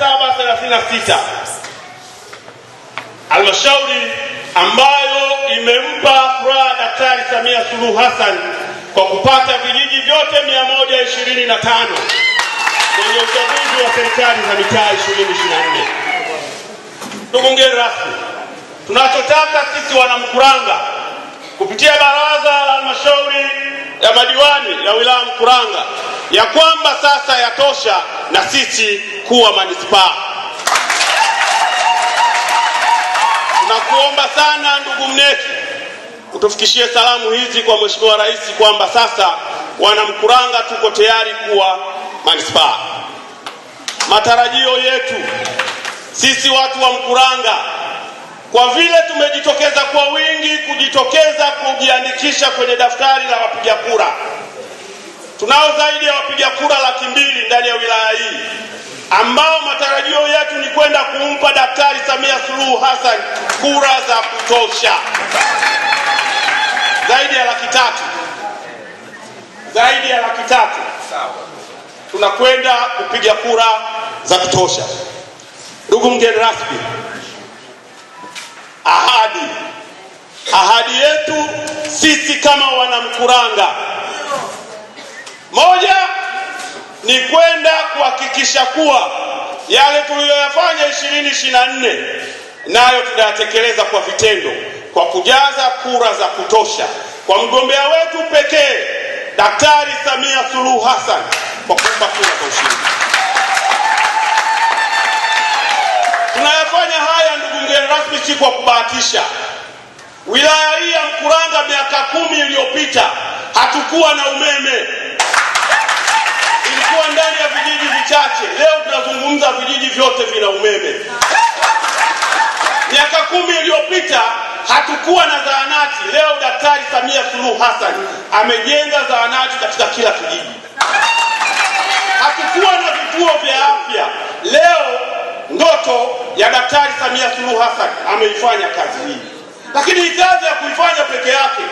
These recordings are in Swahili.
736 halmashauri ambayo imempa furaha Daktari Samia Suluhu Hassan kwa kupata vijiji vyote 125 kwenye uchaguzi wa serikali za mitaa 2024. Ndugu mgeni rasmi, tunachotaka sisi wanamkuranga kupitia baraza la halmashauri ya madiwani ya wilaya Mkuranga ya kwamba sasa yatosha, na sisi mkuu wa manispaa. Tunakuomba sana ndugu Mneki, utufikishie salamu hizi kwa Mheshimiwa Rais kwamba sasa Wanamkuranga tuko tayari kuwa manispaa. Matarajio yetu sisi watu wa Mkuranga, kwa vile tumejitokeza kwa wingi kujitokeza kujiandikisha kwenye daftari la wapiga kura, tunao zaidi ya wapiga kura laki mbili ambao matarajio yetu ni kwenda kumpa Daktari Samia Suluhu Hassan kura za kutosha zaidi ya laki tatu zaidi ya laki tatu tunakwenda kupiga kura za kutosha. Ndugu mgeni rasmi, ahadi ahadi yetu sisi kama wanamkuranga moja ni kwenda kuhakikisha kuwa yale tuliyoyafanya ishirini nayo tunayatekeleza kwa vitendo, kwa kujaza kura za kutosha kwa mgombea wetu pekee Daktari Samia Suluhu Hassan kwa kuomba kura kwa ushindi. Tunayafanya haya ndugu mgeni rasmi, si kwa kubahatisha. Wilaya hii ya Mkuranga miaka kumi iliyopita hatukuwa na umeme chache, leo tunazungumza vijiji vyote vina umeme. Miaka kumi iliyopita hatukuwa na zahanati. Leo Daktari Samia Suluhu Hassan amejenga zahanati katika kila kijiji. Hatukuwa na vituo vya afya. Leo ndoto ya Daktari Samia Suluhu Hassan ameifanya kazi hii, lakini hii kazi ya kuifanya peke yake,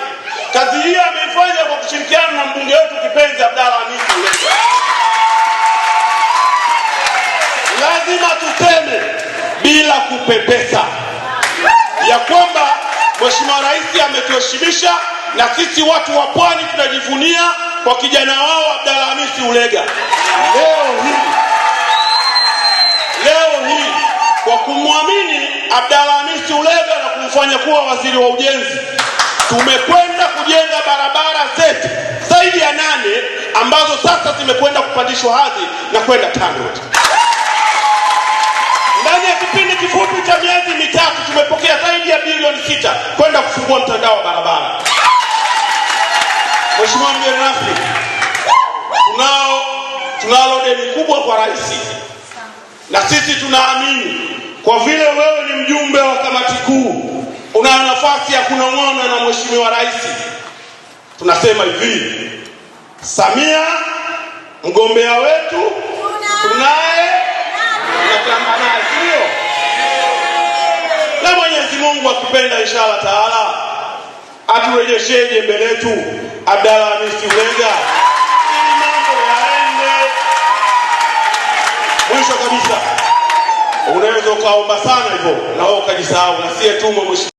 kazi hii ameifanya kwa kupepesa, ya kwamba Mheshimiwa Rais ametuheshimisha na sisi watu wa Pwani tunajivunia kwa kijana wao Abdalla Hamisi Ulega. Leo hii leo hii kwa kumwamini Abdalla Hamisi Ulega na kumfanya kuwa waziri wa ujenzi, tumekwenda kujenga barabara zetu zaidi ya nane ambazo sasa zimekwenda kupandishwa hadhi na kwenda TANROADS kifupi cha miezi mitatu tumepokea zaidi ya bilioni sita kwenda kufungua mtandao wa barabara. Mheshimiwa mgeni rasmi, tunao tunalo deni kubwa kwa rais, na sisi tunaamini kwa vile wewe ni mjumbe wa kamati kuu, una nafasi ya kunong'ona na mheshimiwa rais. Tunasema hivi, Samia mgombea wetu tuna Tunapenda inshallah taala aturejesheje mbele yetu Abdalla Hamisi ili mambo yaende. Mwisho kabisa, unaweza ukaomba sana hivyo na wewe ukajisahau, na sie tumo